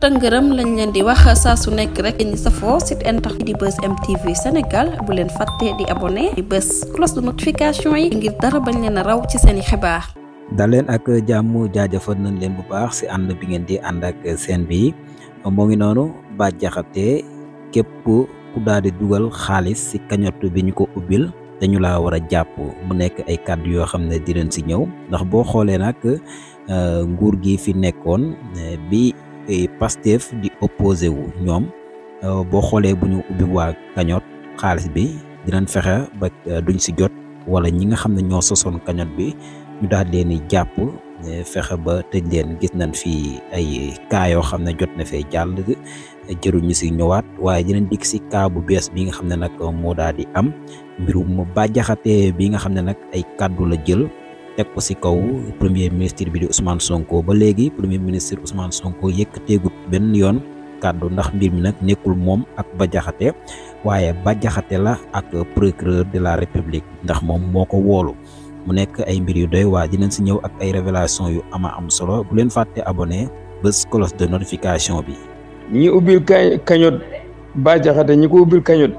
tëngërëm lañ leen di wax saa su nekk rek ñi safoo site internet di bës mtv sénégal bu leen fàtte di abonné di bës cloche de notification yi ngir dara bañ leen a raw ci seeni xibaar dal ak jàmm jaajëfal nañ leen bu baax si ànd nah, eh, eh, bi ngeen di ànd ak seen bi moo ngi noonu ba jaxate képp ku daal di dugal xaalis si kañott bi ñu ko ubbil dañu laa war a jàpp mu nekk ay kàddu yoo xam ne di leen si ñëw ndax boo xoolee nag nguur gi fi nekkoon bi E Pastef di opposé wu ñoom euh, boo xoolee bu ñu ubbi waa kañot xaalis bi dinañ fexe ba euh, duñ si jot wala ñi nga xam ne ñoo sosoon cagnotte bi ñu daal leen di jàpp fexe ba tëj leen gis nañ fi ay cas yoo xam ne jot na fee jàll jëruñu si ñëwaat waaye dinañ dikk si cas bu bees bi nga xam ne nag moo daal di am mbirum Bah Diakhaté bi nga xam ne nag ay kàddu la jël tek ko ci kaw premier ministre bi di Ousmane Sonko ba legui premier ministre Ousmane Sonko yekete yëkkateegut ben yon kaddu ndax mbir mi nak nekul mom ak ba jaxate waye ba jaxate la ak procureur de la republique ndax mom moko wolu mu nek ay mbir yu doy waa dinañ ci ñew ak ay révélation yu ama am solo bu len faté abonné bés cloche de notification bi ñi ubil kañot ba jaxate ñi ko ubil kañot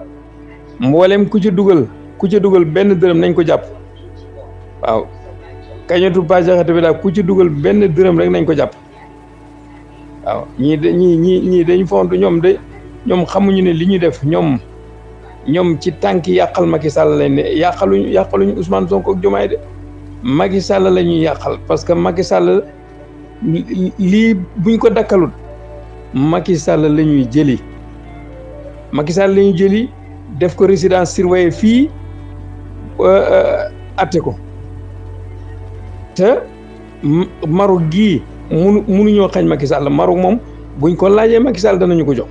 mbolem ku ci duggal ku ci duggal ben deureum nañ ko japp waaw kañatu Bah Diakhaté bi daal ku ci dugal benn dërëm rek nañ ko jàpp waaw ñii de ñii ñii ñii dañ fontu ñoom de ñoom xamuñu ne li ñu def ñoom ñoom ci tànk yàqal Macky Sall lañ ne yàqaluñu yàqaluñu Ousmane Sonko ak Diomaye de Macky Sall la ñuy yàqal parce que Macky Sall lii buñ ko dakkalut Macky Sall la ñuy jëli Macky Sall la ñuy jëli def ko résidence surveillée fii euh, euh, atte ko marug Maroc mu munu ñëw xañ Macky Sall Maroc moom buñ ko laajee Macky Sall danañu ko jox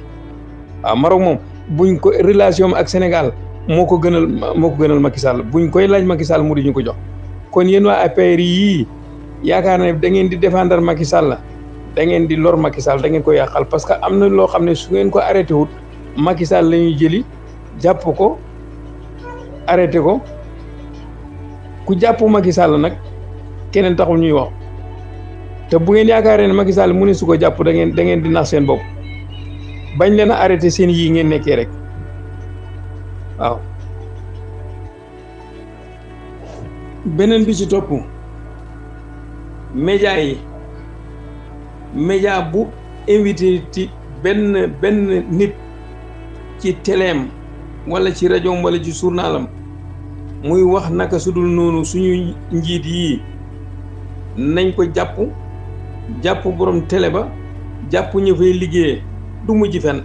waaw Maroc moom buñ ko relation ak Sénégal moo ko gënal moo ko gënal Macky Sall buñ koy laaj Macky Sall mu di ñu ko jox kon yéen waa APR yii yaakaar ne da ngeen di défendre Macky Sall da ngeen di lor Macky Sall da ngeen ko yàqal parce que am na loo xam ne su ngeen ko arrêté wut Macky Sall la ñuy jëli jàpp ko arrêté ko ku jàpp Macky Sall nag. keneen taxul ñuy wax te bu ngeen yaakaaree ne Macky Sall mu ne su jàpp dangeen da ngeen di nax seen bopp bañ leen a arrêté seen yii ngeen nekkee rek waaw beneen bi ci topp média yi média bu invité ci benn benn nit ci teleem wala ci rajoom wala ci journalam muy wax naka sudul noonu suñu njiit yi nañ ko jàpp jàpp borom télé ba jàpp ñu liggéeye liggéeyee du mujj fenn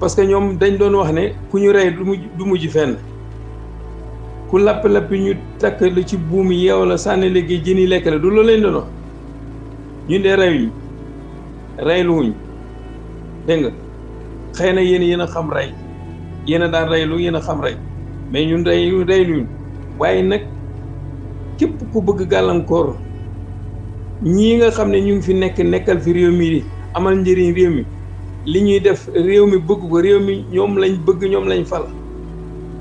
parce que ñoom dañ doon wax ne ku ñu rey du mujj du mujj fenn ku lapp-lappi ñu takk lu ci buum yeew la sànni léegi jëni lekk la du loolu lañ doon wax ñu dee reyuñ reyluwuñ dégg nga xëy na yéen yéen a xam rey yéen a daan reylu yéen a xam rey mais ñun rey reyluwuñ waaye nag képp ku bëgg gàllankoor ñi nga xamne ñu fi nek nekkal fi réew mi amal njëriñ réew mi li ñuy def réew mi bëgg ko réew mi ñoom lañ bëgg ñoom lañ fal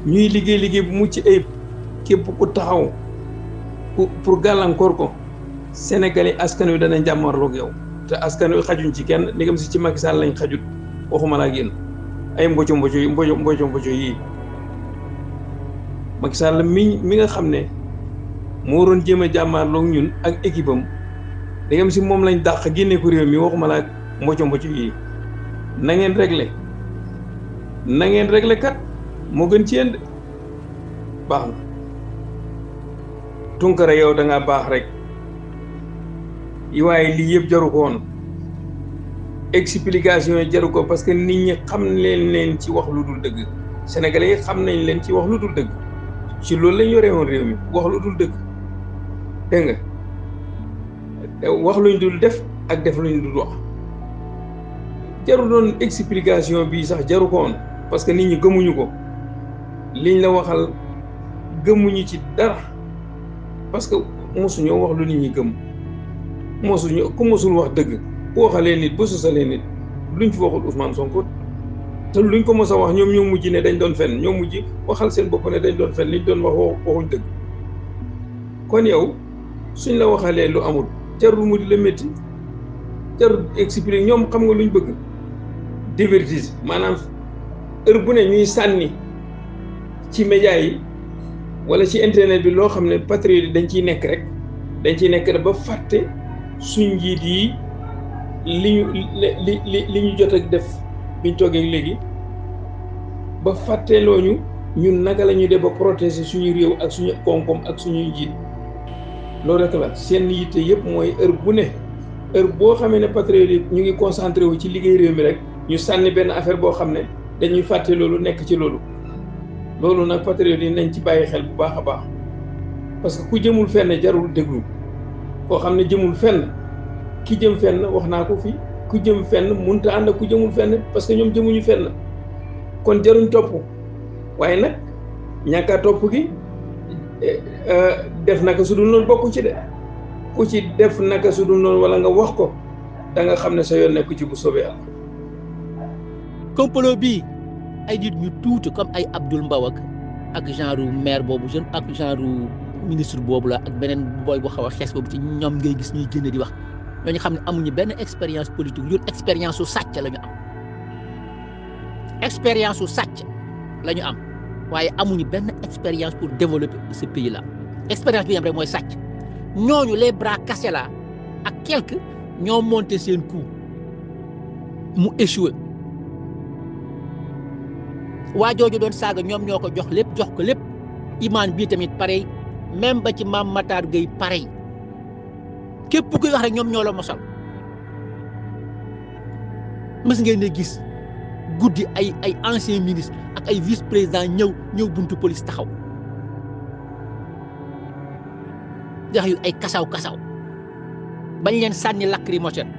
ñuy liggéey liggéey bu mucc ayib képp ku taxaw pour galankor ko sénégalais askan wi danañ jàmmarloog yow te askan wi xajuñ ci kenn ndigam si ci Macky Sall lañ xajut waxuma laa génn ay mboco mboco yi mboco mboco mboco yii Macky Sall mi mi nga xam ne moo doon jéem a jàmmarloog ñun ak équipe am da ngeen si moom lañ dàq génne ko réew mi waxuma la mbocco mbocco yi na ngeen réglé na ngeen réglé kat moo gën ci yéen baax na tunkara yow da ngaa baax rek yi waaye lii yëpp jaru ko woon explication yi jaru ko parce que nit ñi xam leen leen ci wax lu dul dëgg sénégalais yi xam nañ leen ci wax lu dul dëgg ci loolu lañ yore woon réew mi wax lu dul dëgg dégg nga wax luñ dul def ak def luñ dul wax jaru doon explication bi sax jaru koon woon parce que nit ñi gëmuñu ko liñ la waxal gëmuñu ci dara parce que mosuñoo wax lu nit ñi gëm mosuñu ku mosul wax dëgg ku waxalee nit bu sosalee nit luñ fi waxul Ousmane Sonko te luñ ko mos a wax ñoom ñoo mujj ne dañ doon fen ñoo mujj waxal seen bopp ne dañ doon fen liñ doon wax waxuñ dëgg kon yow suñ la waxalee lu amul jarul mu di la métti jarul expliquer ñoom xam nga luñ bëgg divertise maanaam heure bu ne ñuy sànni ci média yi wala ci internet bi loo xam ne patriote yi dañ ciy nekk rek dañ ciy nekk rek ba fàtte suñ njiit yi li ñu li li li ñu jot ak def biñ toogee léegi ba fàtteloo ñu ñun naka la ñuy def ba protéger suñu réew ak suñu koom ak suñuy njiit loolu rek la seen yitte yëpp mooy heure bu ne heure boo xamee ne patriote yi ñu ngi concentré wu ci liggéey réew mi rek ñu sànni benn affaire boo xam ne dañuy fàtte loolu nekk ci loolu loolu nag patriote yi nañ ci bàyyi xel bu baax a baax parce que ku jëmul fenn jarul déglu koo xam ne jëmul fenn ki jëm fenn wax naa ko fi ku jëm fenn munta ànd ak ku jëmul fenn parce que ñoom jëmuñu fenn kon jaruñ topp waaye nag ñàkk topp gi Eh, eh, def naka su du noonu bokku ci de ku ci def naka su dul noonu wala nga wax ko da nga xam ne sa yoon nekku ci bu soobee Yàlla complot bii ay nit ñu tuuti comme ay Abdoul Mbaw ak ak genre maire boobu jeune ak genre ministre boobu la ak beneen booy bu xaw a xees boobu ci ñoom ngay gis ñuy génne di wax ñooñu xam ne amuñu benn expérience politique ñun expérience su sàcc la ñu am expérience su sàcc la am a amuñu benn expérience pour développer ce pays là L'expérience est vraiment am rek ont les bras cassés là à quelques monté un coup ont échoué Ils doon saga ñom ñoko jox lepp jox ko pareil même ba ci mam Matar pareil képp kuy wax rek ñom ñolo mës ngeen gis ay anciens ministres. ak ay vice président ñëw ñëw buntu police taxaw ndax yu ay kasaw kasaw bañ leen sànni lacrymogène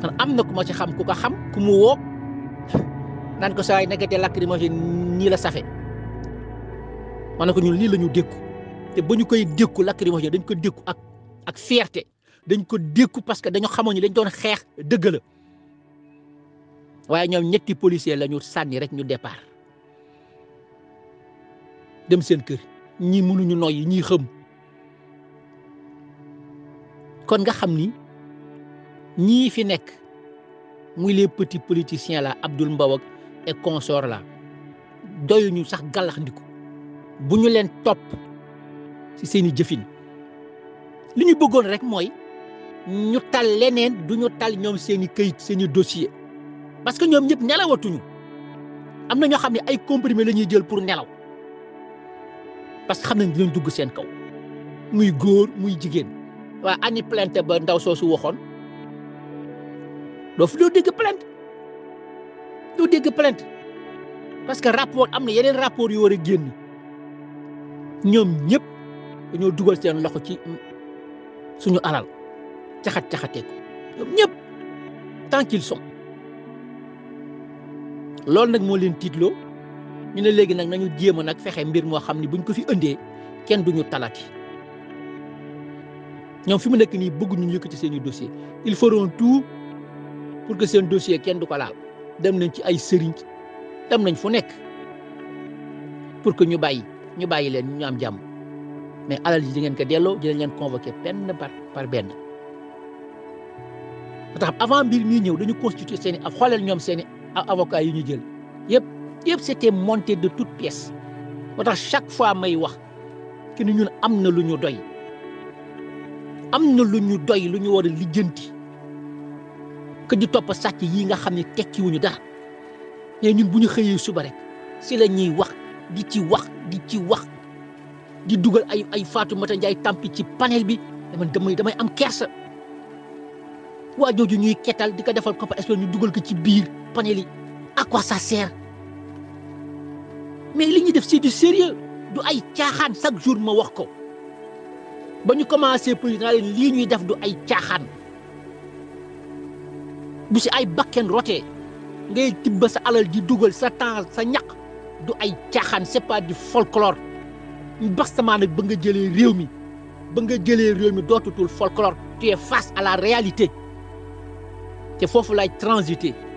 kon am na ku ma ci xam ku ko xam ku mu woo naan ko sax ay yi nekkatee lacrymogène ñii la safe ma ne ko ñun lii la ñu dékku te ba ñu koy dékku lacrymogène dañ ko dékku ak ak fierté dañ ko dékku parce que dañu xamoon ni dañ doon xeex dëgg la. waye ñom ñetti policier lañu sanni rek ñu départ dem seen kër ñi ñu noy ñi xam kon nga xam ni ñii fi nek muy les petits politiciens la Abdoul mbaw ak et consort la ñu sax gàllaxndiku bu ñu leen top ci seeni jëfine li ñu bëggoon rek moy ñu tal leneen duñu tal ñom seeni keuyit seeni dossier parce que ñoom ñëpp nelawatuñu am na ñoo xam ne ay comprimé la ñuy jël pour nelaw parce que xam nañ dinañ dugg seen kaw muy góor muy jigéen waaye ani plainte ba ndaw soosu waxoon doo fi doo dégg plainte doo dégg plainte parce que rapport am na yeneen rapport yu war a génn ñoom ñëpp dañoo dugal seen loxo ci suñu alal caxat caxatee ko ñoom ñëpp tant qu'ils loolu nag moo leen tiitloo ñu ne léegi nag nañu jéem a nag fexe mbir moo xam ne buñ ko fi andee kenn du ñu talati ñoom fi mu nekk nii bëgguñu ñu yëkkati seen i il faut feront tout pour que seen dossier kenn du ko laal dem nañ ci ay sëriñ dem nañ fu nekk pour que ñu bàyyi ñu bàyyi leen ñu am jàmm mais alal ji di ngeen ko delloo dinañ leen convoqué benn par par benn. ba tax avant mbir mii ñëw dañu constitué seen i xoleel ñoom seeni avocat yi ñu jël yépp yëpp c'était monté de toutes pièces moo tax chaque fois may wax ki ni ñun am na lu ñu doy am na lu ñu doy lu ñu war a lijjanti que di topp sàcc yi nga xam ne wuñu dara mais ñun bu ñu xëyee suba rek si la ñuy wax di ci wax di ci wax di dugal ay ay Mata Ndiaye tampi ci panel bi man damay damay am kersa waa jooju ñuy ketal di ko defal COPACEL ñu dugal ko ci biir. panel yi ça sert mais li ñuy def c'est du sérieux du ay caaxaan chaque jour ma wax ko ba ñu commencé président leen lii ñuy def du ay caaxaan bu si ay bakken rotee ngay tibb sa alal di dugal sa temps sa ñaq du ay caaxaan c'est pas du folklore bastamaa nag ba nga jëlee réew mi ba nga jëlee réew mi dootutul folklore tu face à la réalité te foofu lay transiter